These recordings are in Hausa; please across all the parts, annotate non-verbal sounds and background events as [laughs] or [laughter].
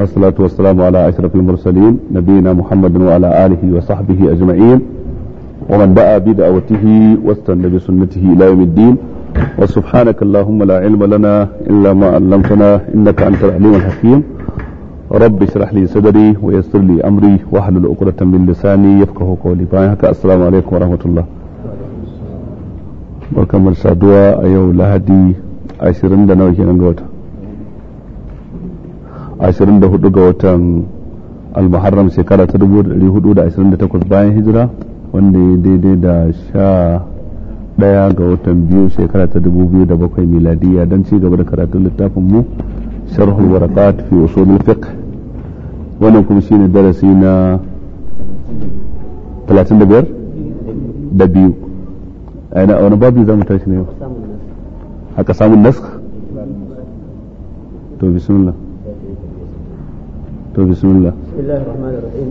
والصلاة والسلام على أشرف المرسلين نبينا محمد وعلى آله وصحبه أجمعين ومن دعا بدعوته واستنى بسنته إلى يوم الدين وسبحانك اللهم لا علم لنا إلا ما علمتنا إنك أنت العليم الحكيم رب اشرح لي صدري ويسر لي أمري واحلل عقدة من لساني يفقه قولي بايعك السلام عليكم ورحمة الله barkamar saduwa a yau lahadi 20 da nawa kenan ga wata 24 ga watan al-muharram shekara ta 428 bayan hijira wanda ya daidai da sha daya ga watan biyu shekara ta 2007 miladiya don ci gaba da karatun littafin mu sharhul warakat fi usul fiqh wannan kuma shine darasi na 35 da biyu a wani babu za mu tashi ne haka samun nasu to bismillah تو بسم الله بسم الله الرحمن الرحيم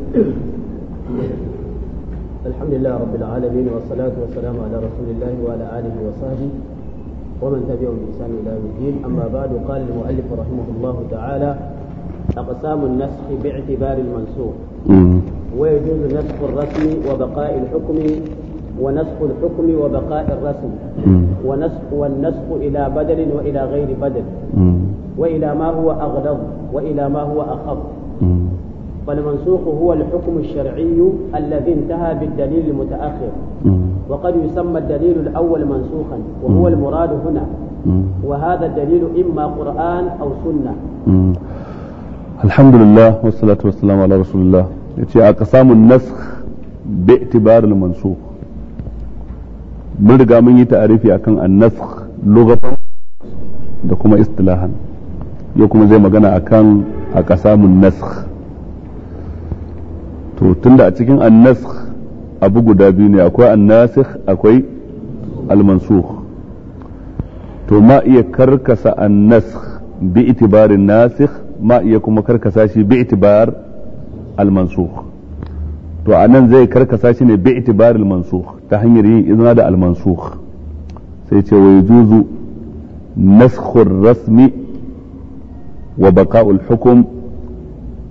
الحمد لله رب العالمين والصلاة والسلام على رسول الله وعلى آله وصحبه ومن تبعهم بإحسان إلى يوم الدين أما بعد قال المؤلف رحمه الله تعالى أقسام النسخ باعتبار المنسوخ ويجوز نسخ الرسم وبقاء الحكم ونسخ الحكم وبقاء الرسم ونسخ والنسخ إلى بدل وإلى غير بدل وإلى ما هو أغلظ وإلى ما هو أخف فالمنسوخ هو الحكم الشرعي الذي انتهى بالدليل المتأخر وقد يسمى الدليل الأول منسوخا وهو المراد هنا وهذا الدليل إما قرآن أو سنة الحمد لله والصلاة والسلام على رسول الله يتي أقسام النسخ باعتبار المنسوخ mun riga mun yi ta'arifi akan annaskh lughatan da kuma istilahan yau kuma zai magana akan a ƙasamun nasakh to tunda a cikin an annasakh abu guda biyu ne akwai an nasir akwai almansukh to ma iya karkasa annasakh bi itibarin nasir ma iya kuma karkasa shi bi itibar almansukh to a nan zai karkasa shi ne bi itibar mansukh ta hanyar yin izina da almansukh sai ce wai juzu naskhur rasmi وبقاء الحكم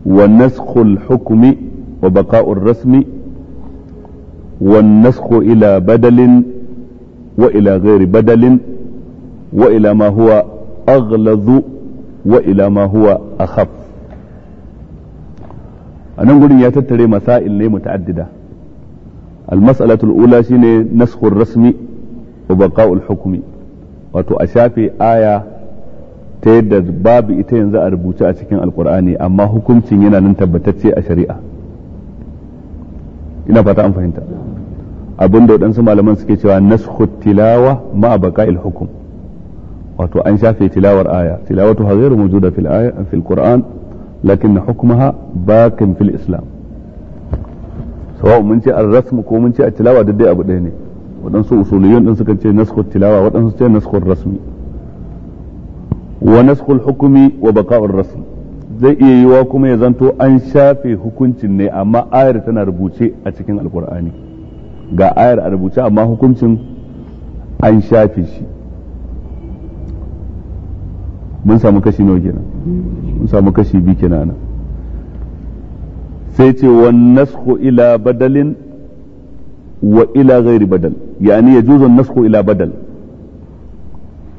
ونسخ الحكم وبقاء الرسم والنسخ إلى بدل وإلى غير بدل وإلى ما هو أغلظ وإلى ما هو أخف أنا أقول يا تتري مسائل لي متعددة المسألة الأولى شيني نسخ الرسم وبقاء الحكم وتؤشافي آية ta yadda babu ita yanzu a rubuce a cikin alkur'ani amma hukuncin yana nan tabbatacce a shari'a ina fata an fahimta abin da waɗansu malaman suke cewa nashu tilawa ma baqa'il hukum wato an shafe tilawar aya tilawatu ha ghairu mawjuda fil aya fil qur'an lakin hukmaha bakin fil islam sawa'un mun ce ar-rasm ko mun ce at-tilawa duk dai abu ɗaya ne waɗansu usuliyun din suka ce nashu tilawa waɗansu ce nashu rasmi wa naskhul hukumi wa baka'ur rasul zai iya yiwa kuma ya zanto an shafe hukuncin ne amma ayar tana rubuce a cikin alkur'ani ga ayar a rubuce amma hukuncin an shafe shi mun samu kashi nawa kenan mun samu kashi bi kenan sai ce wa nasku ila badalin wa ila ghairi badal yani yajuzu an nasku ila badal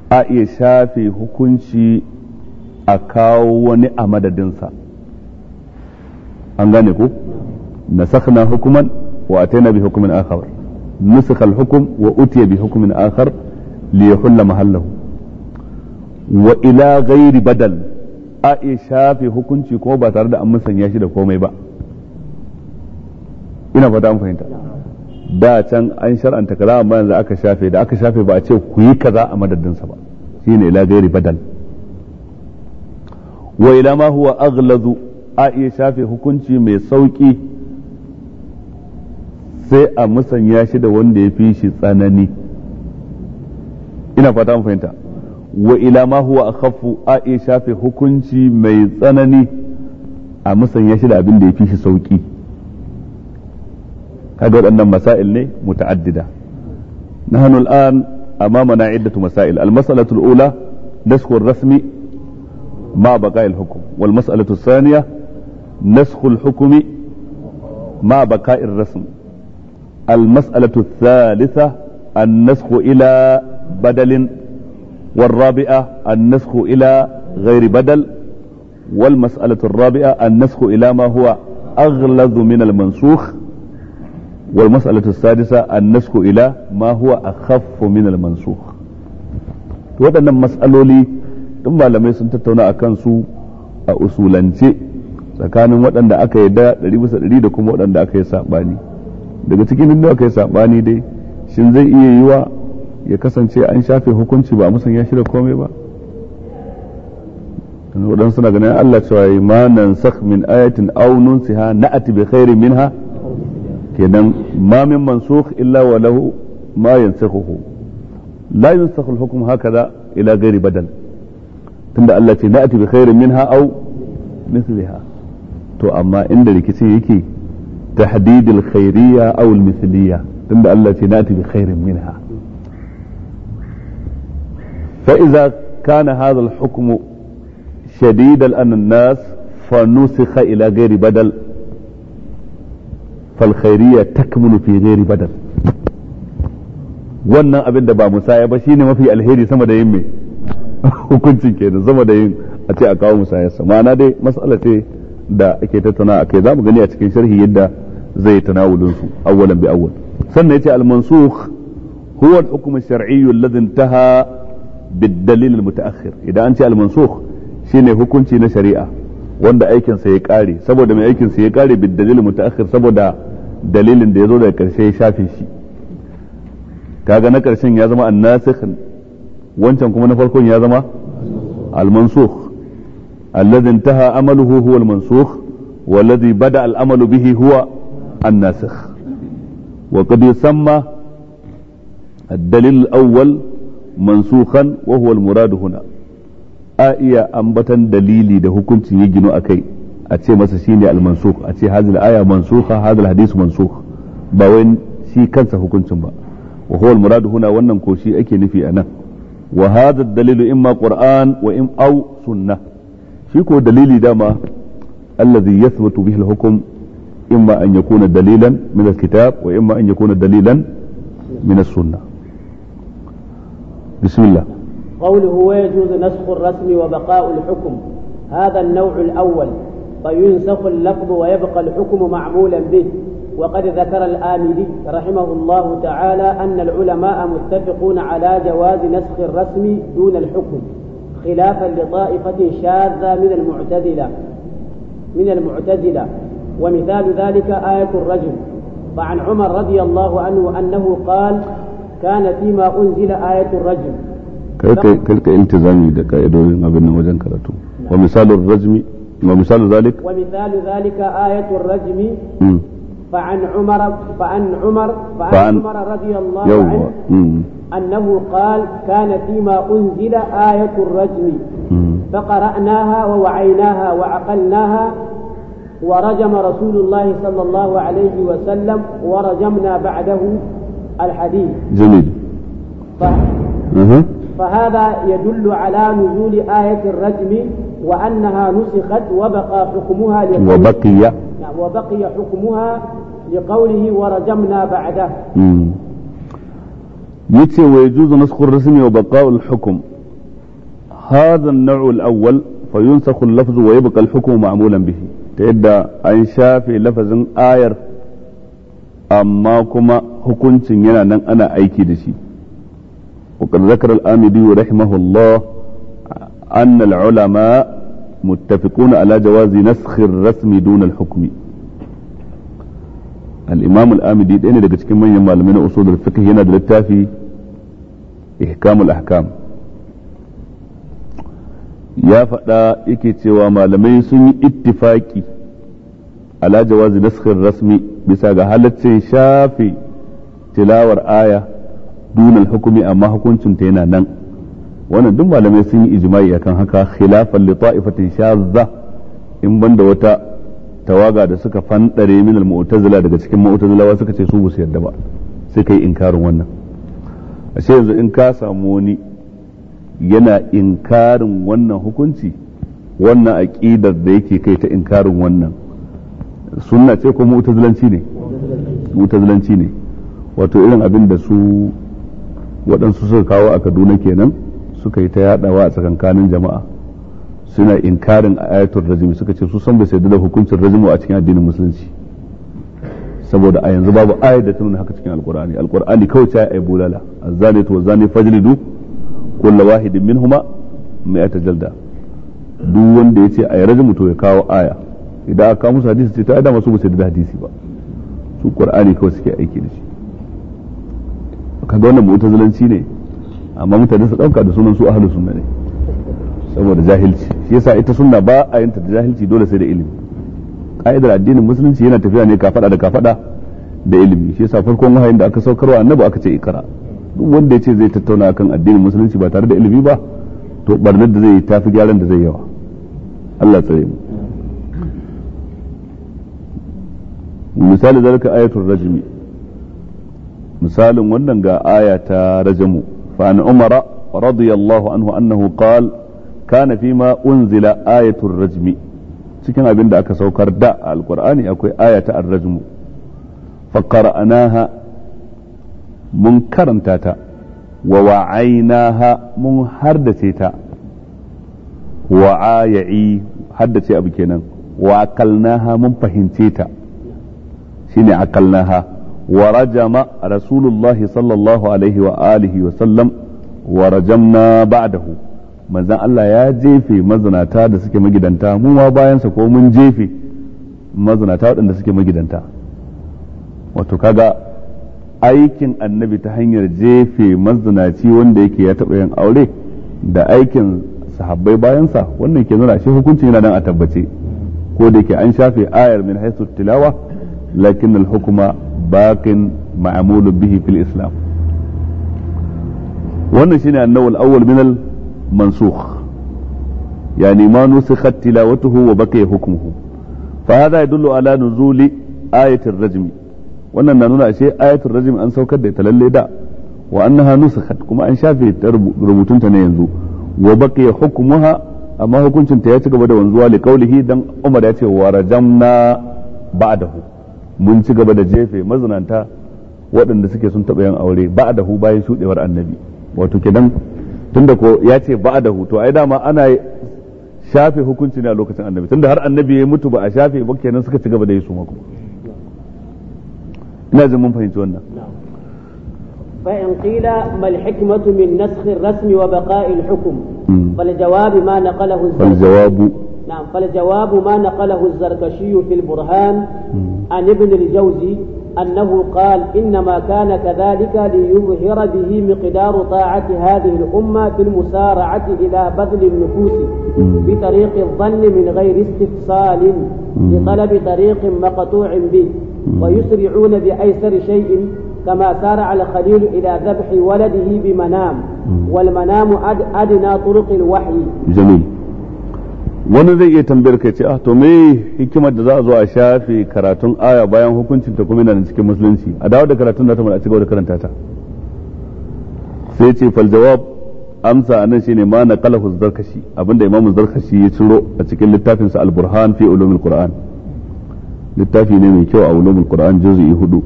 a iya shafe hukunci a kawo wani a madadinsa an gane ku nasakhna hukuman wa ataina bi hukumin akhar nusakha al-hukm wa utiya bi hukumin akhar li yahulla mahallahu wa ila ghairi badal a iya shafe hukunci ko ba tare da an musanya shi da komai ba ina fata an fahimta da can an shar'anta kaza amma yanzu aka shafe da aka shafe ba a ce ku yi kaza a madadinsa ba shine ila gairi badal wa ila ma huwa aghlazu a iya shafe hukunci mai sauki sai a musanya shi da wanda ya fi shi tsanani ina fata mu fahimta wa ila ma huwa akhaffu a iya shafe hukunci mai tsanani a musanya shi da abin da ya fi shi sauki هذول أن مسائل متعددة نحن الآن أمامنا عدة مسائل المسألة الأولى نسخ الرسم مع بقاء الحكم والمسألة الثانية نسخ الحكم مع بقاء الرسم المسألة الثالثة النسخ إلى بدل والرابعة النسخ إلى غير بدل والمسألة الرابعة النسخ إلى ما هو أغلظ من المنسوخ والمسألة السادسة النسك إلى ما هو أخف من المنسوخ waɗannan matsaloli tun malamai sun tattauna a su a usulance tsakanin waɗanda aka yarda ɗari bisa da kuma waɗanda aka yi daga cikin inda aka yi saɓani dai shin zai iya yiwa ya kasance an shafe hukunci ba musan ya shirya komai ba waɗansu na ganin Allah cewa ma nan min ayatin aw nunsiha na'ati bi min ha. كنن ما من منسوخ إلا وله ما ينسخه لا ينسخ الحكم هكذا إلى غير بدل تند التي نأتي بخير منها أو مثلها تو أما إن لكسيك تحديد الخيرية أو المثلية تند التي نأتي بخير منها فإذا كان هذا الحكم شديد الأن الناس فنسخ إلى غير بدل falkhairiyya takmulu fi ghairi badal wannan abin da ba musaya ba shine mafi alheri sama da yin mai [laughs] hukuncin kenan sama da yin a ce a kawo sama ma'ana dai mas'ala ce da ake tattauna a kai zamu gani a cikin sharhi yadda zai tanawulun su awwalan bi awwal sannan yace al-mansukh huwa al-hukm al shari alladhi intaha bid-dalil al-muta'akhir idan an ce al-mansukh shine hukunci na shari'a wanda aikin sa ya kare saboda mai aikin sa ya kare bid-dalil al-muta'akhir saboda dalilin da ya zo daga karshe ya shafe shi kaga na karshen ya zama annasikh wancan kuma na farkon ya zama al-mansukh alladhi intaha amaluhu huwa al-mansukh والذي بدا الامل به هو الناسخ وقد يسمى الدليل الاول منسوخا وهو المراد هنا آئية أنبتا دليلي ده كنت يجنو أكي ace masa shine al-mansukh ace hadhihi al-aya mansukha hadha al-hadith mansukh ba wai shi kansa hukuncin ba wa huwa al-murad huna wannan ko shi ake nufi anan wa hadha ad dalil imma qur'an wa im aw sunnah shi ko dalili dama alladhi yathbutu bihi al-hukm imma an yakuna dalilan min al-kitab wa imma an yakuna dalilan min as-sunnah بسم الله قوله ويجوز نسخ الرسم وبقاء الحكم هذا النوع الأول فينسخ اللفظ ويبقى الحكم معمولا به وقد ذكر الآمدي رحمه الله تعالى أن العلماء متفقون على جواز نسخ الرسم دون الحكم خلافا لطائفة شاذة من المعتزلة من المعتزلة ومثال ذلك آية الرجل فعن عمر رضي الله عنه أنه قال كان فيما أنزل آية الرجل كلك التزامي دكا إدوين ما بينه كرتو نعم. ومثال الرجم ومثال ذلك ومثال ذلك آية الرجم فعن عمر فعن عمر فعن, فعن عمر رضي الله عنه أنه قال كان فيما أنزل آية الرجم فقرأناها ووعيناها وعقلناها ورجم رسول الله صلى الله عليه وسلم ورجمنا بعده الحديث جميل ف... فهذا يدل على نزول آية الرجم وأنها نسخت وبقى حكمها لقوله وبقي نعم وبقي حكمها لقوله ورجمنا بعده امم. يتي ويجوز نسخ الرسم وبقاء الحكم هذا النوع الأول فينسخ اللفظ ويبقى الحكم معمولا به تيدا أن شافي لفظ آير أما كما حكم أنا أيكي دشي وقد ذكر الآمدي رحمه الله أن العلماء متفقون على جواز نسخ الرسم دون الحكم الإمام الآمدي دين لك تكمن يمال من أصول الفقه هنا دلتافي إحكام الأحكام ya faɗa yake cewa malamai sun yi ittifaki ala jawazi naskhin rasmi bisa ga halaccin shafi tilawar aya dunal hukumi amma hukuncinta yana nan wannan duk malamai sun yi ijima'i akan haka khilafan li ta'ifatin shazza in banda wata tawaga da suka fandare min al-mu'tazila daga cikin mu'tazilawa suka ce su ba su yarda ba sai kai inkarin wannan ashe yanzu in ka samu wani yana inkarin wannan hukunci wannan aqidar da yake kai ta inkarin wannan sunna ce ko mu'tazilanci ne mu'tazilanci ne wato irin abin da su waɗansu suka kawo a Kaduna kenan suka yi ta yadawa a tsakankanin jama'a suna inkarin ayatul rajimi suka ce su san bai sai da hukuncin rajimu a cikin addinin musulunci saboda a yanzu babu ayat da ta nuna haka cikin alqur'ani alqur'ani kawai ta ayi bulala azzalatu wa zani fajlidu kullu wahidin minhuma mi'ata jalda duk wanda yace ayi rajimi to ya kawo aya idan aka musu hadisi ce ta ayi da masu ba sai da hadisi ba su qur'ani kawai suke aiki da shi kaga wannan mu'tazilanci ne amma mutane su dauka da sunan su ahlus sunna ne saboda jahilci shi yasa ita sunna ba a yin ta da jahilci dole sai da ilimi ka'idar addinin musulunci yana tafiya ne kafada da kafada da ilimi shi yasa farkon wahayin da aka saukarwa annabi aka ce ikra duk wanda ya ce zai tattauna akan addinin musulunci ba tare da ilimi ba to barnar da zai yi tafi gyaran da zai yawa Allah tsare mu misali zalika ayatul rajmi misalin wannan ga aya ta rajamu فعن عمر رضي الله عنه أنه قال كان فيما أنزل آية الرجم cikin abin da aka saukar da alkur'ani akwai ayata ar-rajm fa mun karanta ta wa wa'ainaha mun hardace ta wa aya'i haddace abu kenan wa akalnaha mun fahimce ta shine akalnaha ورجم رسول الله صلى الله عليه وآله وسلم ورجمنا بعده manzan Allah ya jefe mazinata da suke magidanta mu ma bayansa ko mun jefe mazinata waɗanda suke magidanta wato kaga aikin annabi ta hanyar jefe mazinaci wanda yake ya taɓa yin aure da aikin sahabbai bayansa wannan ke nuna shi hukuncin yana nan a tabbace ko da ke an shafe ayar min haisu tilawa lakin al-hukuma باق معمول به في الإسلام wannan shine annawal awwal min al mansukh yani ma nusikhat tilawatuhu wa baqiya hukmuhu fa hada yadullu ala nuzuli ayatir rajm wannan na nuna ashe ayatir rajm an saukar da ita da wa annaha nusikhat kuma an shafe rubutunta ne yanzu wa baqiya hukmuha amma hukuncin ta ya ci gaba da wanzuwa li qawlihi dan Umar ya ce wa rajamna ba'dahu mun ci gaba da jefe mazinanta waɗanda suke sun taɓa yin aure ba da hu bayan shuɗewar annabi wato kenan tunda ko ya ce ba da hu to ai dama ana shafe hukunci ne a lokacin annabi tunda har annabi ya mutu ba a shafe ba kenan suka ci gaba da yi su mako ina jin mun fahimci wannan فإن قيل ما الحكمة من نسخ الرسم ma الحكم فالجواب ما نقله الزركشي فالجواب ma فالجواب ما نقله الزركشي في البرهان عن ابن الجوزي أنه قال إنما كان كذلك ليظهر به مقدار طاعة هذه الأمة في المسارعة إلى بذل النفوس بطريق الظن من غير استفصال لطلب طريق مقطوع به ويسرعون بأيسر شيء كما سارع الخليل إلى ذبح ولده بمنام والمنام أدنى طرق الوحي جميل wani zai iya tambayar ka ce ah to me hikimar da za a zo a shafe karatun aya bayan hukuncin ta kuma yana cikin musulunci a dawo da karatun da ta mu a cigaba da karanta ta sai ce fal jawab amsa anan shine ma na qalahu zarkashi abinda imam zarkashi ya ciro a cikin littafin sa al-burhan fi ulumul qur'an littafi ne mai kyau a ulumul qur'an juz'i hudu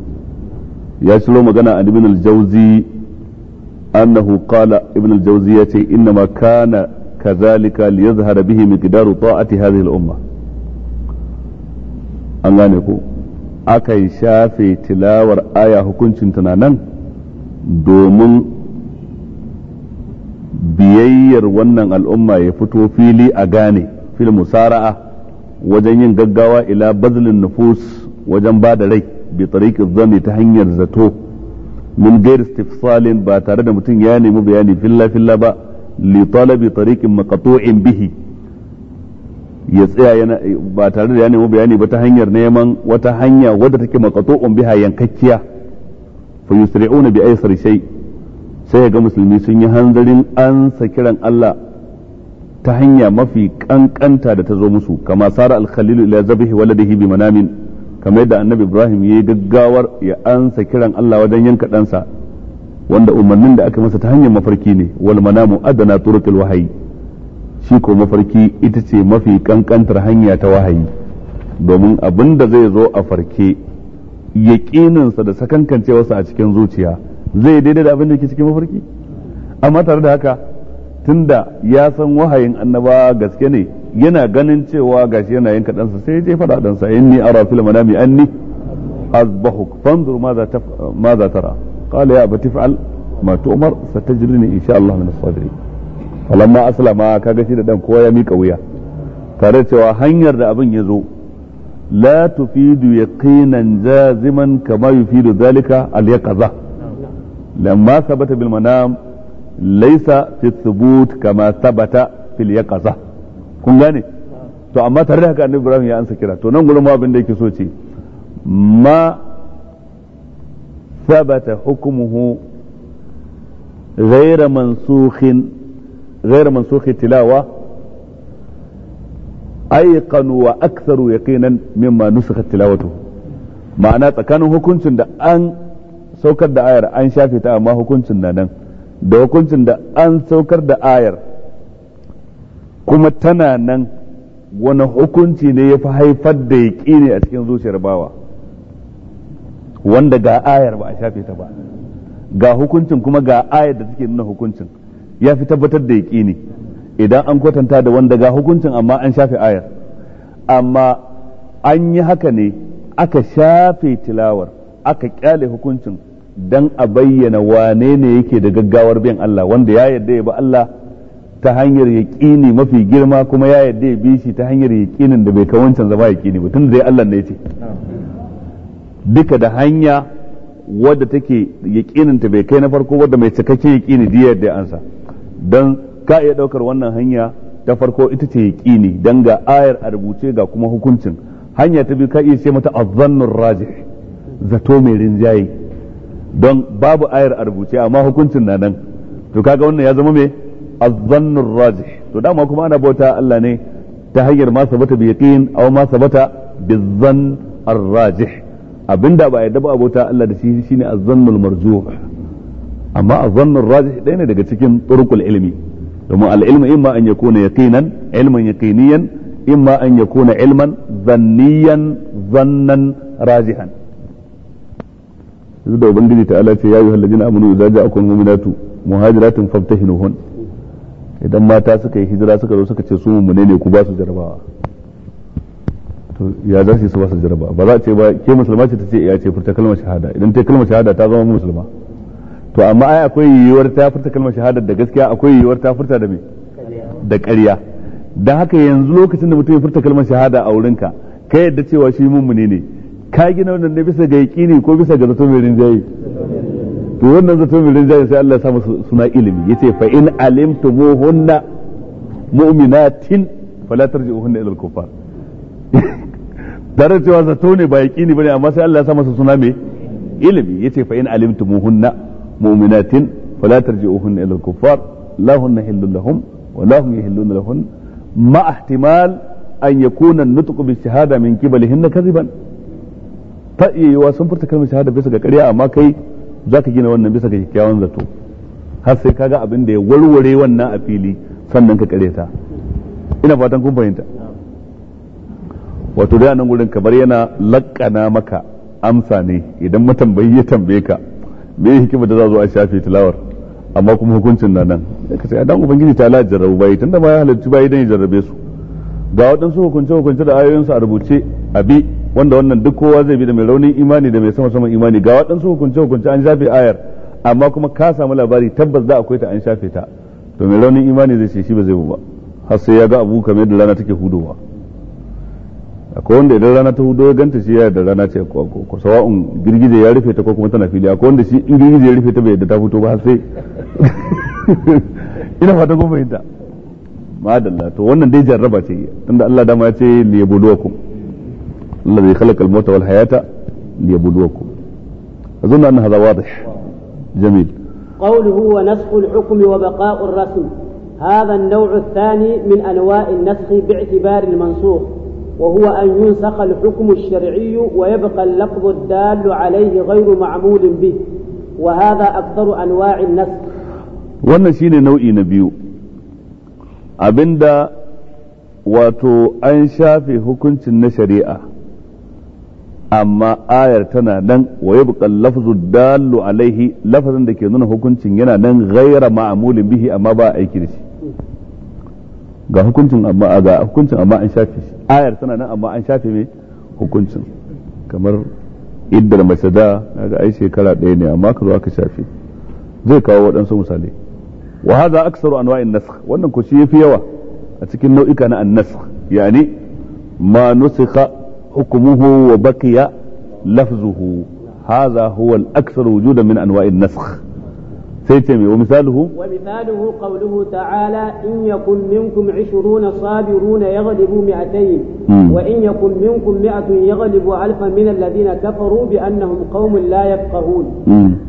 ya ciro magana an ibn al-jawzi annahu qala ibn al-jawzi yace inna ma kana كذلك ليظهر به مقدار طاعة هذه الأمة an gane aka yi shafe tilawar aya hukuncin tunanan domin biyayyar wannan al'umma ya fito fili a gane fil musara'a wajen yin gaggawa ila bazlin nufus wajen ba da rai bi tariqi zanni ta hanyar zato min gair istifsalin ba tare da mutum ya nemi bayani filla filla ba li talabi tariqin maqtu'in bihi ya tsaya yana ba tare da ya nemi bayani ba ta hanyar neman wata hanya wadda take maqtu'un biha yankakkiya fa yusri'una bi aysar shay sai ga musulmi sun yi hanzarin ansa kiran Allah ta hanya mafi kankanta da ta zo musu kama sara al-khalil ila zabihi waladihi bi manamin kamar yadda annabi Ibrahim ya yi gaggawar ya ansa kiran Allah wajen yanka ɗansa wanda umarnin da aka masa ta hanyar mafarki ne wal manamu adana turukul wahayi shi ko mafarki ita ce mafi kankantar hanya ta wahayi domin abin da zai zo a farke yaƙininsa da sakankancewarsa a cikin zuciya zai daidai da abin da ke cikin mafarki amma tare da haka tunda ya san wahayin annaba gaske ne yana ganin cewa gashi yana yin kaɗansa sai je faɗa ɗansa inni ara fil manami anni azbahuk fanzur ma za tara قال يا أبت افعل ما تؤمر ستجرني إن شاء الله من الصابرين falamma aslama kaga shi da dan kowa ya mika wuya tare cewa hanyar da abin ya zo la tufidu yaqinan jaziman kama yufidu zalika al yaqaza lamma sabata bil manam laysa fi thubut kama sabata fil yaqaza kun gane to amma tare da haka annabi ya ansa kira to nan gurin ma abin da yake so ce ma ثبت حكمه غير منسوخ غير منسوخ التلاوة أيقن وأكثر يقينا مما نسخت تلاوته ma'ana tsakanin hukuncin da an saukar da ayar an shafe ta amma hukuncin na nan da hukuncin da an saukar da ayar kuma tana nan wani hukunci ne ya fi haifar da yaƙi ne a cikin zuciyar bawa wanda ga ayar ba a shafe ta ba ga hukuncin kuma ga ayar da take nuna hukuncin ya fi tabbatar da yaƙini idan an kwatanta da wanda ga hukuncin amma an shafe ayar amma an yi haka ne aka shafe tilawar aka kyale hukuncin dan a bayyana wane ne yake da gaggawar bin Allah wanda ya yarda ya bi Allah ta hanyar yaƙini mafi girma kuma ya yarda ya bi shi ta hanyar yaƙinin da bai kawancan zama yaƙini ba tun da dai Allah ne ya ce duka da hanya wadda take yaƙininta bai kai na farko wadda mai cikakken yaƙini diyar da ansa don ka iya ɗaukar wannan hanya ta farko ita ce yaƙini don ga ayar a rubuce ga kuma hukuncin hanya ta biyu ka iya ce mata azzannun rajih zato mai rinjaye don babu ayar a rubuce amma hukuncin na nan to kaga wannan ya zama mai azzannun rajih to dama kuma ana bauta Allah ne ta hanyar ma sabata bi yaqin aw ma sabata bi zann ar-rajih abinda ba yadda ba abota Allah da shi shine az-zannul marjuh amma az-zannur rajih ɗaya ne daga cikin turqul ilmi domin al-ilmu imma an yakuna yaqinan ilman yaqiniyan imma an yakuna ilman zanniyan zannan rajihan yanzu da ubangiji ta Allah ce ya ayyuhal ladina amanu idza ja'akum mu'minatu muhajiratun famtahinuhun idan mata suka yi hijira suka zo suka ce su mummune ne ku ba su jarabawa to ya za su yi su jaraba ba za a ce ba ke musulma ce ta ce ya ce furta kalmar shahada idan ta kalmar shahada ta zama musulma to amma ai akwai yiwuwar ta furta kalmar shahada da gaskiya akwai yiwuwar ta furta da me da ƙarya dan haka yanzu lokacin da mutum ya furta kalmar shahada a wurinka ka yadda cewa shi mummune ne ka gina wannan ne bisa ga yaqini ko bisa ga zato mai rinjaye to wannan zato mai rinjaye sai Allah ya sa musu suna ilimi yace fa in alimtumuhunna mu'minatin fala tarji'uhunna ila al-kuffar [laughs] tare cewa za to ne ba ne bane amma sai Allah ya sa masa suna me ilimi yace fa in alimtumuhunna mu'minatin fala tarji'uhunna ila al-kuffar lahunna hunna hillun lahum wa lahum hum yahillun lahun ma ihtimal an yakuna nutqu bi shahada min qibalihinna kadiban fa yiwa sun furta kalmar shahada bisa ga ƙarya amma kai zaka gina wannan bisa ga kyakkyawan zato har sai kaga abin da ya warware wannan a fili sannan ka kareta ina fatan kun fahimta wato dai nan gurin kamar yana lakana maka amsa ne idan matambayi ya tambaye ka me hikima da za zo a shafe tilawar amma kuma hukuncin na nan ka ce dan ubangiji ta lalace jarrabu bai tunda ba ya halarci bai dan ya jarrabe su ga waɗansu hukunce hukunce da ayoyinsu a rubuce a bi wanda wannan duk kowa zai bi da mai raunin imani da mai sama sama imani ga waɗansu hukunce hukunce an shafe ayar amma kuma ka samu labari tabbas da akwai ta an shafe ta to mai raunin imani zai ce shi ba zai bu ba har sai ya ga abu kamar da rana take hudowa akwai wanda idan rana ta hudo ya ganta shi ya da rana ce ko sawa'un girgije ya rufe ta ko kuma tana fili akwai wanda shi in girgije ya rufe ta bai yadda ta fito ba sai ina fata ko fahimta madalla to wannan dai jarraba ce tunda Allah dama ya ce liyabuluwakum Allah zai khalaqa al-mauta wal hayata liyabuluwakum أظن أن هذا واضح جميل قوله ونسخ الحكم وبقاء الرسم هذا النوع الثاني من أنواع النسخ باعتبار المنسوخ وهو أن ينسخ الحكم الشرعي ويبقى اللفظ الدال عليه غير معمول به وهذا أكثر أنواع النسخ wannan shine nau'i na biyu abinda wato an shafe hukuncin na shari'a amma ayar tana nan wa ya buƙar lafzu dalu alaihi lafazin da ke nuna hukuncin yana nan gaira ma'amulin bihi amma ba aiki da shi ga hukuncin amma an shi ayar tana nan amma an shafe mai hukuncin kamar idda da masada na ga ai shekara ɗaya ne amma ka zo aka shafe zai kawo waɗansu misalai wa haza aksaru anwa'in nasakh wannan ku shi yafi yawa a cikin nau'ika na an-nasakh yani ma nusikha hukmuhu wa baqiya lafzuhu hadha huwa al aksaru wujudan min anwa'in nasakh سيتمي ومثاله ومثاله قوله تعالى إن يكن منكم عشرون صابرون يغلبوا مئتين وإن يكن منكم مئة يغلب ألفا من الذين كفروا بأنهم قوم لا يفقهون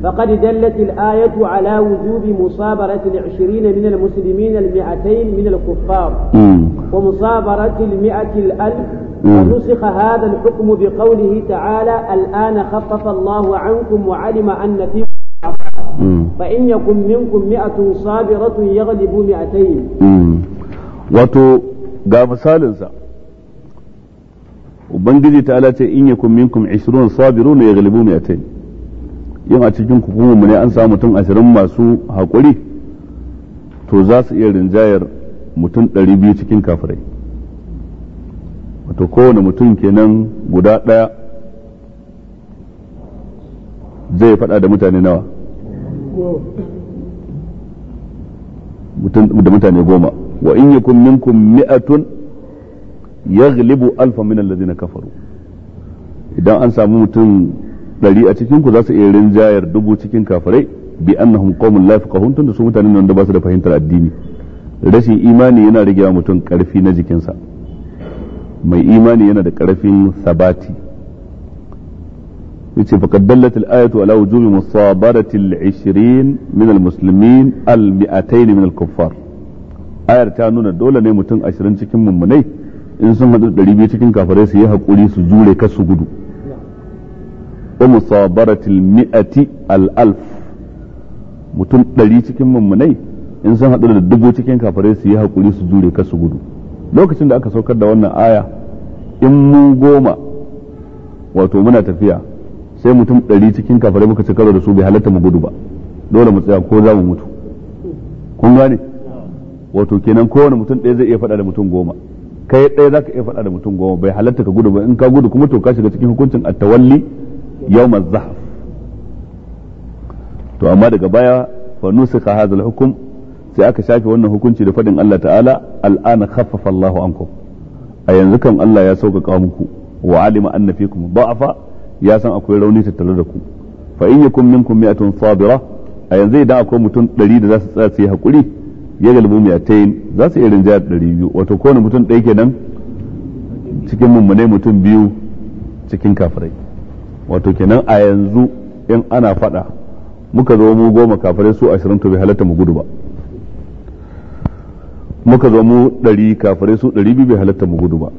فقد دلت الآية على وجوب مصابرة العشرين من المسلمين المئتين من الكفار ومصابرة المئة الألف ونسخ هذا الحكم بقوله تعالى الآن خفف الله عنكم وعلم أن فيكم fa in yakun minkum mi'atun sabiratun yaghlibu mi'atayn wato ga misalin sa ubangiji ta'ala ce in ya yakun minkum 20 sabirun yaghlibu mi'atayn yin a cikin ku ne an samu mutum ashirin masu haƙuri to za su iya rinjayar mutum biyu cikin kafirai wato kowane mutum kenan guda ɗaya zai faɗa da mutane nawa da mutane goma wa in yakun tun mi'atun yaghlibu alfa min na kafaru idan an samu mutum ɗari a cikinku za su iya rinjayar dubu cikin kafirai bi annahum qaumun la yafqahun da su mutanen nan da ba su da fahimtar addini rashin imani yana rage mutum karfi na jikinsa mai imani yana da karfin sabati yace faqad dallat al-ayatu ala wujubi musabarati al-20 min al-muslimin al-mi'atayn min al-kuffar ayar ta nuna dole ne mutum ashirin cikin mummunai in sun hadu biyu cikin kafirai su yi haƙuri su jure kar su gudu wa musabarati al-mi'ati al mutum ɗari cikin mummunai in sun hadu da dubu cikin kafirai su yi haƙuri su jure kar su gudu lokacin da aka saukar da wannan aya in mu goma wato muna tafiya sai mutum ɗari cikin kafare muka ci karo da su bai halatta mu gudu ba dole mu tsaya ko za mu mutu kun gane wato kenan kowane mutum ɗaya zai iya faɗa da mutum goma kai ɗaya za ka iya faɗa da mutum goma bai halatta ka gudu ba in ka gudu kuma to ka shiga cikin hukuncin tawalli yau zahaf to amma daga baya fa nusika hadha hukum sai aka shafe wannan hukunci da faɗin Allah ta'ala al'ana khaffafa Allahu ankum a yanzu kan Allah ya sauƙaƙa muku wa alima anna fikum da'afa ya san akwai rauni tattare da ku fa in yakum minkum mi'atun sabira a yanzu idan akwai mutum 100 da za su tsaya su yi hakuri ya galbu mi'atayn za su iya rinjaya 200 wato kowane mutum ɗaya kenan cikin mummunai mutum biyu cikin kafirai wato kenan a yanzu in ana fada muka zo mu goma kafirai su 20 to bai halatta mu gudu ba muka zo mu 100 kafirai su 200 bai halatta mu gudu ba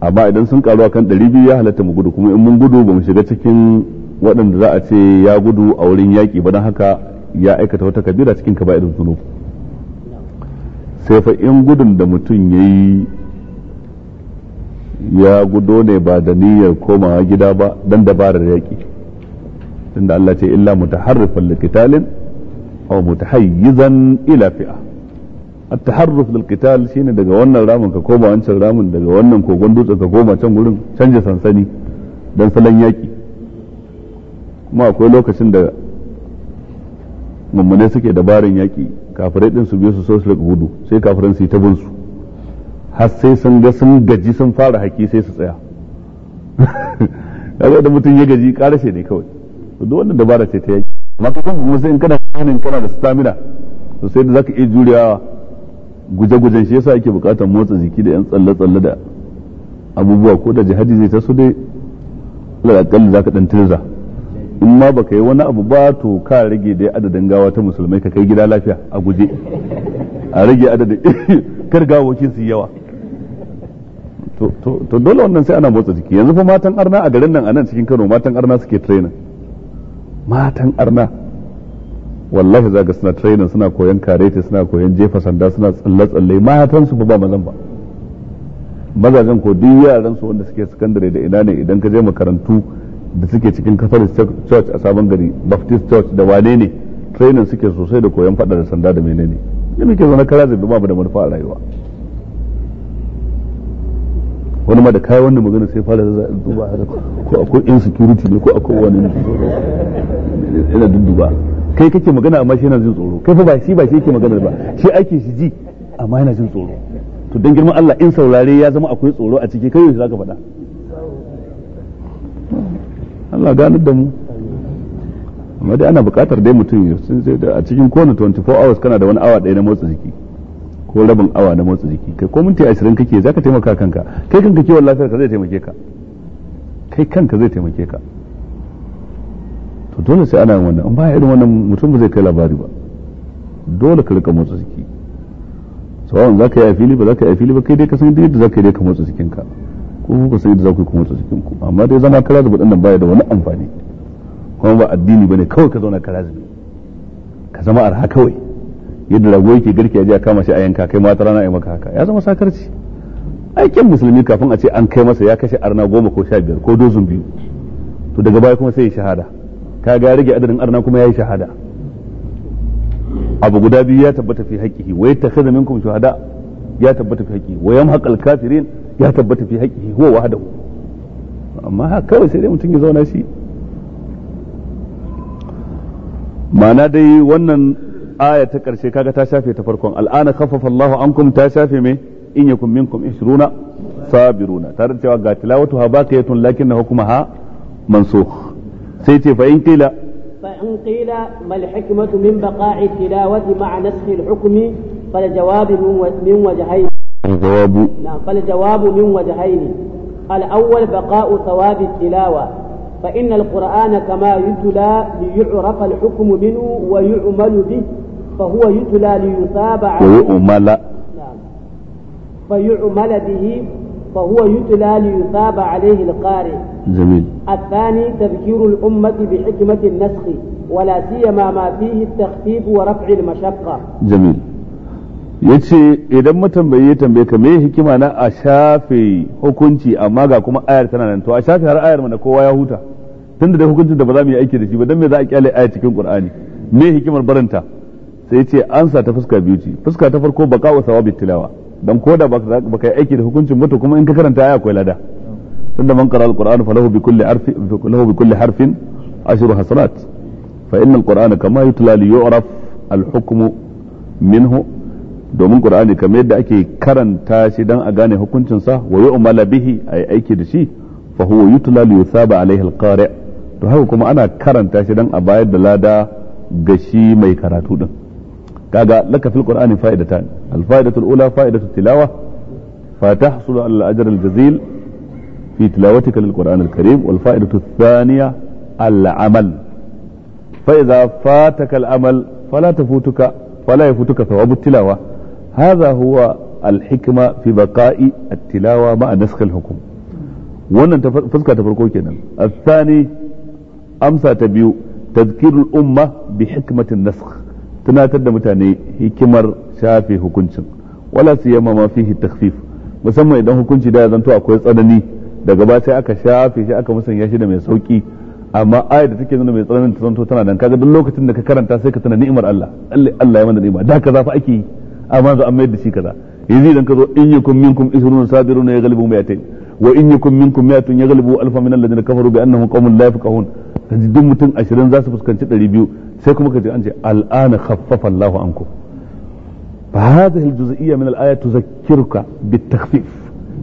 amma idan sun karu akan ɗari biyu ya halatta mu gudu kuma in mun gudu ba mu shiga cikin waɗanda za a ce ya gudu a wurin yaƙi ba don haka ya aikata wata kabira cikin ka idan sunu sai fa in gudun da mutum ya yi ya gudu ne ba da niyyar komawa gida ba don dabarar yaƙi tunda Allah ce illa mutaharrifan likitalin aw mutahayyizan ila fi'a at-taharruf lil qital daga wannan ramin ka koma wancan ramin daga wannan kogon dutsen ka koma can gurin canja sansani dan salon yaki kuma akwai lokacin da mummune suke dabarin yaki kafirai din su biyo su so su gudu sai kafiran su yi ta bin su har sai sun ga sun gaji sun fara haki sai su tsaya kaga da mutum ya gaji karashe ne kawai duk wannan dabara ce ta yaki amma kuma sai in kana kana da stamina to sai da zaka iya jurewa guje-gujen shi yasa ake bukatar motsa jiki da yan tsalle-tsalle da abubuwa ko da jihadi zai taso dai akalli za ka ɗan tirza in ma baka yi wani abu ba to ka rage da adadin gawa ta musulmai ka kai gida lafiya a guje a rage adadin [laughs] kar gawakin su yawa to dole wannan sai ana motsa jiki yanzu fa matan arna a garin nan a nan cikin Kano matan arna suke training matan arna wallahi za ga suna trainin suna koyan karete suna koyan jefa sanda suna tsalle-tsalle mahatansu ba ba mazan ba mazajen ko duk yaran su wanda suke sakandare da ina ne idan ka je makarantu da suke cikin catholic church a sabon gari baptist church da wane ne trainin suke sosai da koyon fada da sanda da menene ne muke na kara zai ba da manufa a rayuwa wani ma da kai wanda magana sai fara da duba ko akwai insecurity ne ko akwai wani [laughs] ina dudduba kai kake magana amma shi yana jin tsoro kai fa ba shi ba shi yake magana ba shi ake shi ji amma yana jin tsoro to dan girman Allah in saurare ya zama akwai tsoro a ciki kai zaka faɗa Allah ganar da mu amma dai ana buƙatar dai mutum ya sun sai a cikin kowane 24 hours kana da wani awa ɗaya na motsa jiki ko rabin awa na motsa jiki kai ko minti 20 kake zaka taimaka kanka kai kanka kiwon lafiyar ka zai taimake ka kai kanka zai taimake ka to dole sai ana yin wannan in ba irin wannan mutum ba zai kai labari ba dole ka rika motsa jiki sawan za ka yi a fili ba za ka yi a fili ba kai dai ka san yadda za ka yi ka motsa ka ko ku san yadda za ku yi ka motsa ku amma dai zama kara da nan baya da wani amfani kuma ba addini bane kawai ka zauna kara zuba ka zama arha kawai yadda rago yake garki a je a kama shi a yanka kai mata rana a maka haka ya zama sakarci aikin musulmi kafin a ce an kai masa ya kashe arna goma ko sha biyar ko dozin biyu to daga baya kuma sai ya shahada kaga ya rage adadin arna kuma ya yi shahada abu guda biyu ya tabbata fi haqqihi wa yattakhadha minkum shahada ya tabbata fi haqqihi wa yamhaqal kafirin ya tabbata fi haqqihi huwa wahdahu amma ha kawai sai dai mutum ya zauna shi ma'ana dai wannan aya ta karshe kaga ta shafe ta farkon al'ana khaffafa Allahu ankum ta shafe me in yakum minkum 20 sabiruna tare da cewa ga tilawatu ha baqiyatun lakinna hukmaha mansukh sai ce fa in qila fa in qila mal hikmatu min baqa'i tilawati ma'a nasxi al-hukmi fal jawabu min wajhayn jawabu na fal jawabu min wajhayn al-awwal baqa'u thawabi tilawa فإن القرآن كما يتلى ليعرف الحكم منه ويعمل به فهو يتلى ليثاب عليه ويعمل نعم فيعمل به فهو يتلى ليثاب عليه القارئ جميل الثاني تذكير الأمة بحكمة النسخ ولا سيما ما فيه التخفيف ورفع المشقة جميل yace idan matambayi ya tambaye ka me hikima na a shafe hukunci amma ga kuma ayar tana nan to a shafe har ayar mana kowa ya huta tunda da hukuncin da ba za mu yi aiki da shi ba dan me za a kyale aya cikin Qur'ani me hikimar baranta sai yace ansa ta fuska biyu ce fuska ta farko baqa wa sawabi tilawa dan da baka yi aiki da hukuncin ba to kuma in ka karanta aya akwai lada tunda man qara alquran falahu bi kulli harfin lahu bi kulli harfin ashru hasanat fa inna alquran kama yutla li yu'raf alhukmu minhu domin qur'ani kamar yadda ake karanta shi dan a gane hukuncin sa wa yu'mala bihi ay aiki da shi fa huwa yutla li yuthaba alayhi alqari to haka kuma ana karanta shi dan a bayar da lada ga shi mai karatu din كذا لك في القرآن فائدتان الفائدة الأولى فائدة التلاوة فتحصل على الأجر الجزيل في تلاوتك للقرآن الكريم والفائدة الثانية العمل فإذا فاتك الأمل فلا تفوتك فلا يفوتك ثواب التلاوة هذا هو الحكمة في بقاء التلاوة مع نسخ الحكم وأن أنت فسكة الثاني أمسى تبيو تذكير الأمة بحكمة النسخ tunatar da mutane hikimar shafe hukuncin wala siyama ma fihi takhfif musamman idan hukunci da ya zanto akwai tsanani daga ba sai aka shafe shi aka musanya shi da mai sauki amma ayat da take nuna mai tsanani ta zanto tana nan kaga duk lokacin da ka karanta sai ka tana ni'imar Allah Allah ya mana ni'ima da kaza fa ake yi amma za a mayar da shi kaza yanzu idan ka zo in yakum minkum isrun sabirun ya galibu mi'atayn wa in yakum minkum mi'atun ya galibu alfa min alladhina kafaru bi annahum qaumun la yafqahun ka ji duk mutum ashirin za su fuskanci ɗari biyu sai kuma ka ji an ce al'ana khaffafa Allahu ankum fa hadhihi al-juz'iyya min al-aya tuzakkiruka bit-takhfif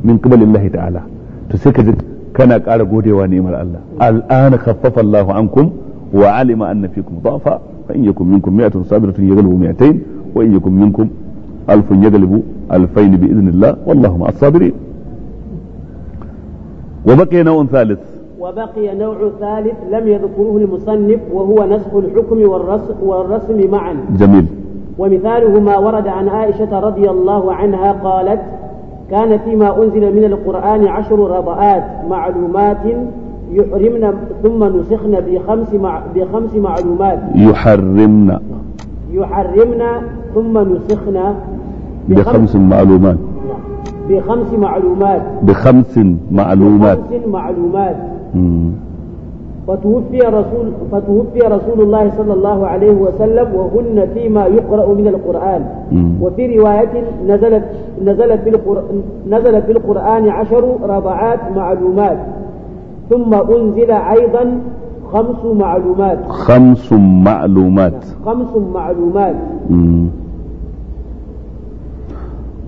min qibali Allah ta'ala to sai ka ji kana ƙara godewa ni'imar Allah al'ana khaffafa Allahu ankum wa alima anna fikum dha'fa fa in yakum minkum mi'atun sabiratun yaghlibu mi'atayn wa in yakum minkum alfun yaghlibu alfayn bi idhnillah wallahu ma'as sabirin وبقي نوع ثالث وبقي نوع ثالث لم يذكره المصنف وهو نسخ الحكم والرسم, والرسم معا جميل ومثاله ما ورد عن عائشة رضي الله عنها قالت كان فيما أنزل من القرآن عشر رضآت معلومات يحرمن ثم نسخن بخمس, مع بخمس معلومات يحرمن يحرمن ثم نسخن بخمس معلومات بخمس معلومات بخمس معلومات بخمس معلومات فتوفي رسول فتوفي رسول الله صلى الله عليه وسلم وهن فيما يقرأ من القرآن وفي رواية نزلت نزل في القرآن نزل في القرآن عشر رضعات معلومات ثم أنزل أيضا خمس معلومات خمس معلومات خمس معلومات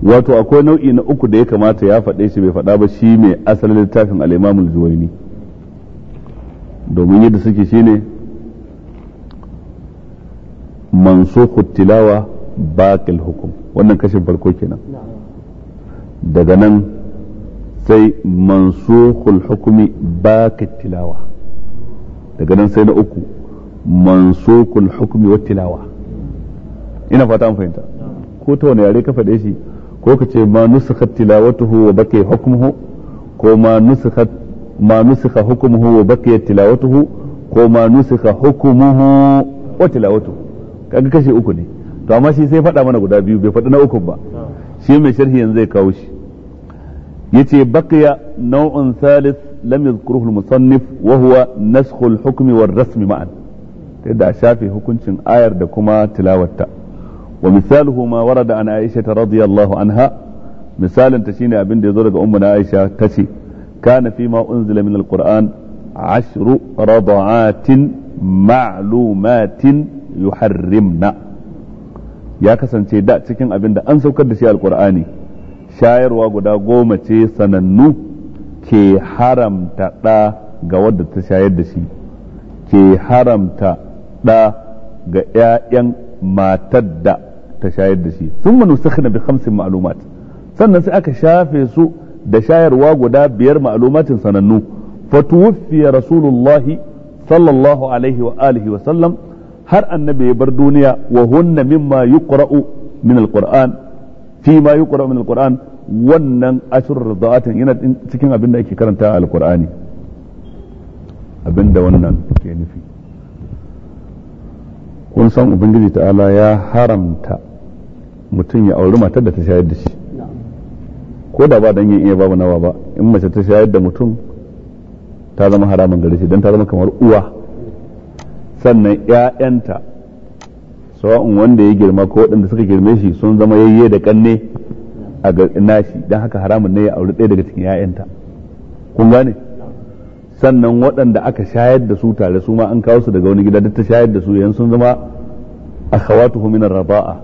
wato akwai nau'i na uku da ya kamata ya faɗe shi bai faɗa ba shi ne asalin littafin al'imamul juwaini domin yadda suke shine mansukhu tilawa baqil hukum wannan kashin farko kenan daga nan sai mansukhul hukumi baqit tilawa daga nan sai na uku mansukul hukumi wa tilawa ina fata an fahimta ko ta wani yare ka faɗe shi ko ka ce ma nusakhat tilawatuhu wa baqi hukmuhu ko ma nusakhat ma nusikha hukumuhu wa baqiyat tilawatuhu ko ma nusikha hukumuhu wa tilawatuhu kaga kashi uku ne to amma shi sai faɗa mana guda biyu bai faɗi na uku ba shi mai sharhi yanzu zai kawo shi yace baqiya naw'un thalith lam yadhkuruhu al-musannif wa huwa naskhu al-hukm wa ar-rasm ma'an yadda a shafe hukuncin ayar da kuma tilawarta wa misaluhu ma warada an Aisha radiyallahu anha misalin ta shine abin da yazo daga ummu Aisha tace kana fi ma unzila min alquran ashru rada'atin ma'lumatin yuharrimna ya kasance da cikin abin da an saukar da shi alqur'ani shayarwa guda goma ce sanannu ke haramta ɗa ga wadda ta shayar da shi ke haramta ɗa ga 'ya'yan matar da ta shayar da shi sun manu na bi hamsin ma'alumat sannan sai aka shafe su da shayarwa guda biyar ma'lumatin sanannu fatuwfiya rasulullahi sallallahu alaihi wa alihi wa sallam har annabi ya bar duniya wa hunna mimma yuqra'u min alquran fi ma yuqra'u min alquran wannan ashurur da'atin yana cikin abin da ake karanta a alqur'ani abinda wannan ke nufi kun san ubangiji ta'ala ya haramta mutum ya auri matar da ta shayar da shi ko da ba yin iya babu nawa ba in mace ta shayar da mutum ta zama haramun gare shi don ta zama kamar uwa sannan ‘ya'yanta sawa'un wanda ya girma ko waɗanda suka girme shi sun zama yayye da kanne. a nashi don haka haramun ne ya auri ɗaya daga cikin ‘ya'yanta kun gane sannan waɗanda aka shayar da su tare su ma an kawo su daga wani gida duk ta shayar da su yan sun zama akhawatuhu min ar-raba'a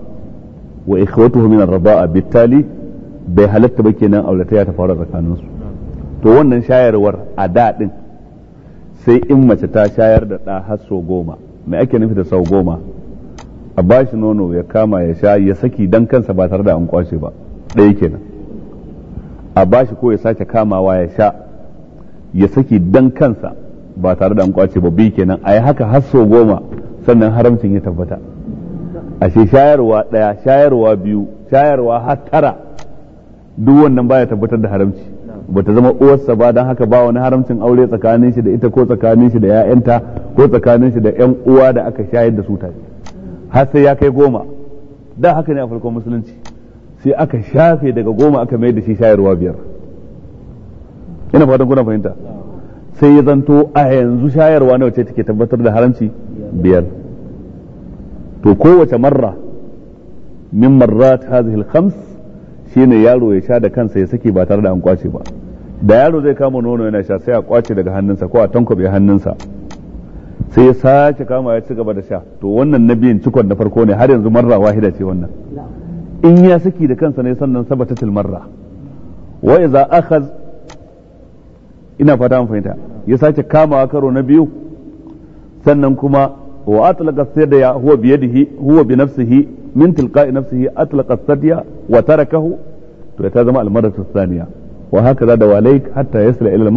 wa ikhwatuhu min rabaa bittali bai halatta ba kenan aure ta faru tsakaninsu to wannan shayarwar a daɗin sai in mace ta shayar da ɗa har sau goma mai ake nufi da sau goma a bashi nono ya kama ya sha ya saki dan kansa ba tare da an kwashe ba ɗaya kenan a bashi ko ya sake kamawa ya sha ya saki dan kansa ba tare da an kwashe ba biyu kenan a yi haka har sau goma sannan haramcin ya tabbata ashe shayarwa ɗaya shayarwa biyu shayarwa har tara duk wannan baya tabbatar da haramci bata zama uwarsa ba don haka ba wani haramcin aure tsakanin shi da ita ko tsakanin shi da 'ya'yanta ko tsakanin shi da 'yan uwa da aka shayar da su tare har sai ya kai goma da haka ne a farkon musulunci sai aka shafe daga goma aka mai da shi shayarwa biyar ina fatan kuna fahimta sai ya zanto a yanzu shayarwa nawa ce take tabbatar da haramci biyar to kowace marra min marrat hadhihi al-khams shine yaro ya sha da kansa ya saki ba tare da an kwace ba da yaro zai kama nono yana sha sai a kwace daga hannunsa ko a tankwabe hannunsa sai ya sace kama ya ci gaba da sha to wannan na biyun cikon na farko ne har yanzu marra wahida ce wannan in ya saki da kansa ne sannan sabatatil marra wa iza akhaz ina fata mun fahimta ya sace kamawa karo na biyu sannan kuma wa atlaqa sadya huwa bi yadihi huwa bi nafsihi min tilqa'i nafsihi atlaqa sadya wa tarakahu to ta zama almaratu saniya wa hakaza da walaik hatta yasla ila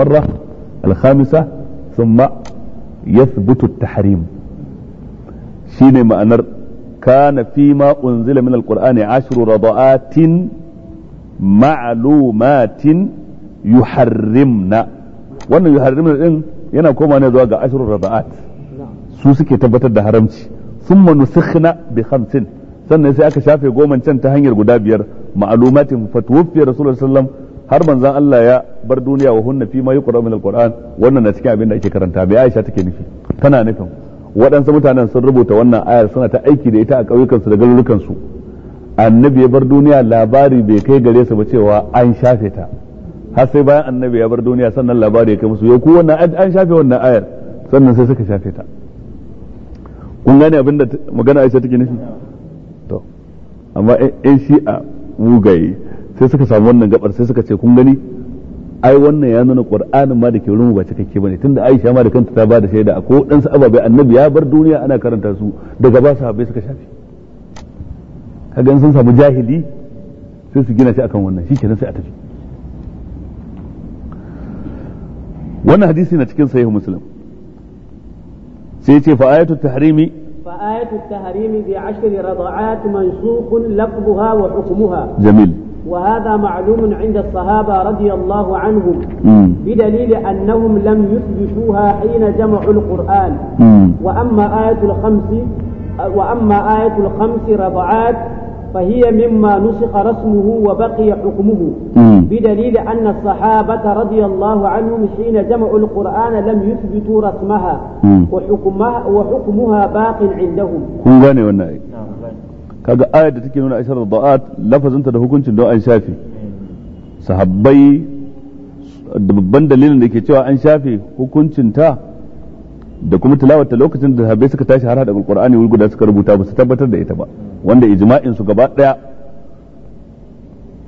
sun ma ya yathbutu at-tahrim shine ma'anar na fi ma unzila min alqur'ani ashru radaatin ma'lumatin yuharrimna wannan yuharrimna din yana koma ne zuwa ga ashiru radaat su suke tabbatar da haramci ma nusikhna bi khamsin sannan sai aka shafe goman can ta hanyar guda biyar ma'lumatin fatuwfi rasulullahi sallallahu alaihi wasallam har manzon Allah ya bar duniya wa hunna fi ma yuqra min alquran wannan na cikin abin da ake karanta bai Aisha take nufi tana nufin waɗansu mutanen sun rubuta wannan ayar suna ta aiki da ita a ƙauyukansu da garurukansu annabi ya bar duniya labari bai kai gare su ba cewa an shafe ta har sai bayan annabi ya bar duniya sannan labari ya kai musu yau ku wannan an shafe wannan ayar sannan sai suka shafe ta kun gane abin da magana Aisha take nufi to amma in shi a. mugaye sai suka samu wannan gabar sai suka ce kun gani ai wannan ya nuna qur'anin ma da ke wurin ba cikakke bane tunda aisha ma da kanta ta bada shaida a ko dan ababe annabi ya bar duniya ana karanta su daga ba sahabbai suka shafi kaga sun samu jahili sai su gina shi akan wannan shikenan sai a tafi wannan hadisi na cikin sahih muslim sai ce fa ayatu tahrimi فآية التحريم بعشر رضعات منسوخ لفظها وحكمها جميل وهذا معلوم عند الصحابة رضي الله عنهم مم. بدليل أنهم لم يثبتوها حين جمعوا القرآن مم. وأما آية الخمس وأما آية الخمس رضعات فهي مما نسخ رسمه وبقي حكمه بدليل أن الصحابة رضي الله عنهم حين جمعوا القرآن لم يثبتوا رسمها وحكمها, وحكمها باق عندهم كن غاني وانا kaga ayar da take nuna aishar da'at lafazinta da hukuncin don an shafe sahabbai babban dalilin da ke cewa an shafe hukuncinta da kuma ta lokacin da sahabbai suka tashi har da alqur'ani wuri guda suka rubuta ba su tabbatar da ita ba wanda ijma'in su gaba daya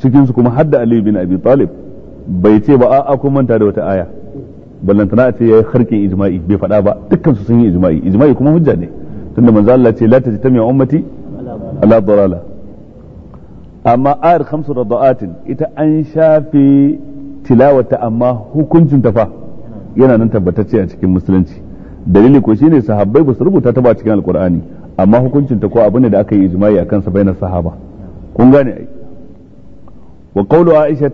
cikin su kuma hadda Ali bin Abi Talib bai ce ba a kun manta da wata aya ballantana a ce yayi harkin ijma'i bai faɗa ba dukkan su sun yi ijma'i ijma'i kuma hujja ne tunda manzo Allah ce la tajtami'u ummati ala dalala amma ayar khamsu radaatin ita an shafe tilawata amma hukuncin ta fa yana nan tabbatacce a cikin musulunci dalili ko shine sahabbai ba su rubuta ta ba cikin alqur'ani amma hukuncin ta ko abin da aka yi ijma'i a kansa bainar sahaba kun gane ai wa aisha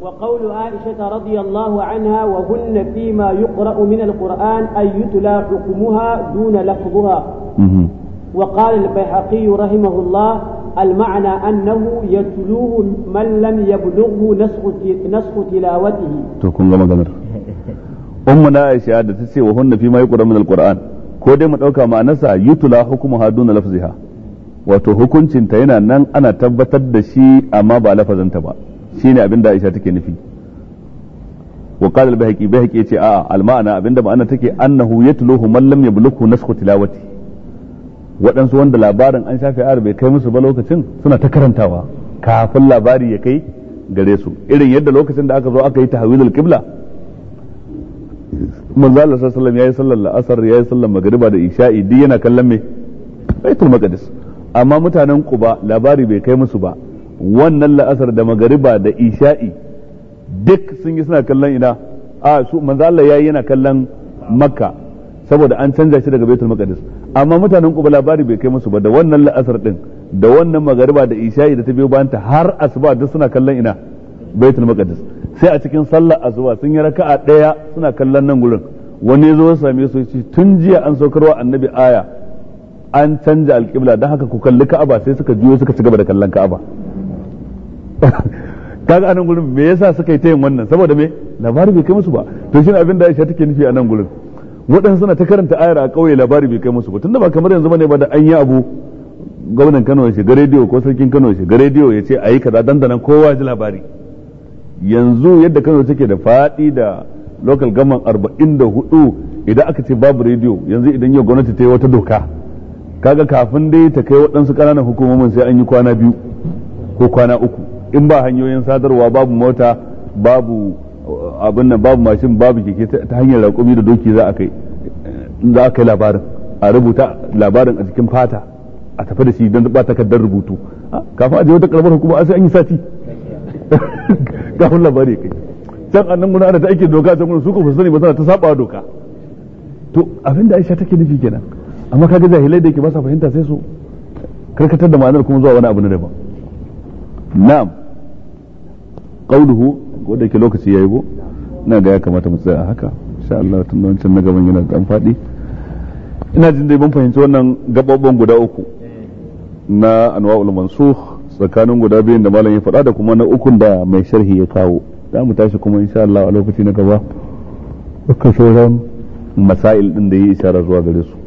wa radiyallahu anha wa hunna fi ma yuqra'u min alquran ay yutla hukmuha duna lafdhuha mhm. wa qala al-bayhaqi rahimahullah المعنى أنه يتلوه من لم يبلغه نسخ نسخ تلاوته. تكون لما قدر. أمنا عائشة عادة تسي وهن فيما ko dai mu ɗauka ma'anarsa yutula hukumu haduna lafziha wato hukuncinta yana nan ana tabbatar da shi amma ba lafazanta ba shine abin da Aisha take nufi wa qala al-bahaqi bahaqi yace a'a al-ma'ana abinda ma'ana take annahu yatluhu man lam yablughu nasxu tilawati waɗansu wanda labarin an shafe ar bai kai musu ba lokacin suna ta karantawa kafin labari ya kai gare su irin yadda lokacin da aka zo aka yi tahwilul qibla manzo Allah sallallahu alaihi wasallam yayi sallar asar yayi sallar magriba da isha'i duk yana kallon me baitul maqdis amma mutanen quba labari bai kai musu ba wannan la'asar da magriba da isha'i duk sun yi suna kallon ina a su manzo Allah yayi yana kallon makka saboda an canza shi daga baitul maqdis amma mutanen quba labari bai kai musu ba da wannan la'asar din da wannan magriba da isha'i da ta biyo bayan ta har asuba duk suna kallon ina baitul maqdis sai a cikin sallar azuwa sun yi raka'a daya suna kallon nan gurin wani zo ya same su ce tun jiya an saukarwa annabi aya an canja alƙibla don haka ku kalli ka'aba sai suka juyo suka ci gaba da kallon ka'aba [laughs] kaga anan gurin me yasa suka yi ta yin wannan saboda me labari bai kai musu ba to shine abin da Aisha take nufi a nan gurin waɗansu suna ta karanta ayar a ƙauye labari bai kai musu ba tunda ba kamar yanzu bane ba da an yi abu gwamnan Kano ya shiga rediyo ko sarkin Kano ya shiga rediyo ya ce ayi kaza dandanan kowa ji labari yanzu yadda Kano take da faɗi da local gaman arba'in da hudu idan aka ce babu rediyo yanzu idan yau gwamnati ta yi wata doka kaga kafin dai ta kai waɗansu ƙananan hukumomin sai an yi kwana biyu ko kwana uku in ba hanyoyin sadarwa babu mota babu uh, abin nan babu mashin babu keke ta hanyar raƙumi da doki za a kai eh, za a kai labarin a rubuta labarin a cikin fata a tafi da shi don ba takardar rubutu ah, kafin a je wata karamar hukuma sai an yi sati [laughs] ga hun labari kai can annan guna ana ta aiki doka can guna su ku ba suna ta saba doka to abin da Aisha take nufi kenan amma kaga jahilai da yake ba sa fahimta sai su karkatar da ma'anar kuma zuwa wani abu na daban na'am qauluhu ko da yake lokaci yayi go ina ga ya kamata mu tsaya haka insha Allah tun da wancan na gaban yana da fadi ina jin dai ban fahimci wannan gababban guda uku na anwa'ul mansukh tsakanin guda biyun da malam ya faɗa da kuma na ukun da mai sharhi ya kawo za mu tashi kuma insha Allah a lokaci na gaba dukkan shoran masail din da ya isharar zuwa gare su